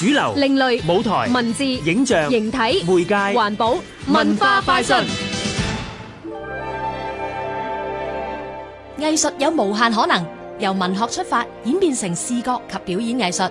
主流、另類、舞台、文字、影像、形體、媒介、環保、文化快訊。藝術有無限可能，由文學出發，演變成視覺及表演藝術。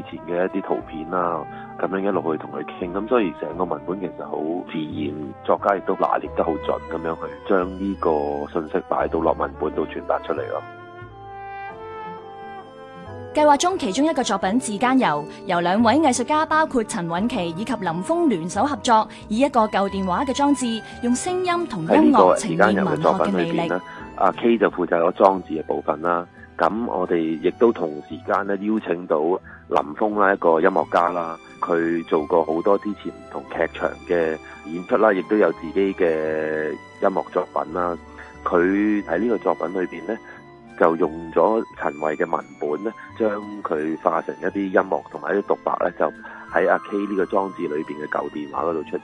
以前嘅一啲圖片啦、啊，咁樣一路去同佢傾，咁所以成個文本其實好自然，作家亦都拿捏得好準，咁樣去將呢個信息擺到落文本度傳達出嚟咯。計劃中其中一個作品《字間遊》，由兩位藝術家，包括陳韻琪以及林峰聯手合作，以一個舊電話嘅裝置，用聲音同音樂呈現《字間遊》嘅作品裏面文學嘅魅力。阿、啊、K 就負責咗裝置嘅部分啦。咁我哋亦都同時間咧邀請到林峯啦，一個音樂家啦，佢做過好多之前唔同劇場嘅演出啦，亦都有自己嘅音樂作品啦。佢喺呢個作品裏邊呢，就用咗陳慧嘅文本呢，將佢化成一啲音樂同埋一啲獨白呢，就喺阿 K 呢個裝置裏邊嘅舊電話嗰度出現。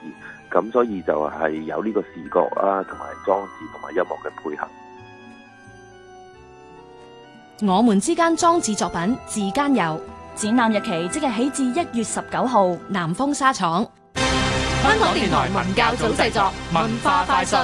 咁所以就係有呢個視覺啊，同埋裝置同埋音樂嘅配合。我們之間裝置作品《自間游》，展覽日期即日起至一月十九號，南風沙廠。香港電台，文教組製作文化快訊。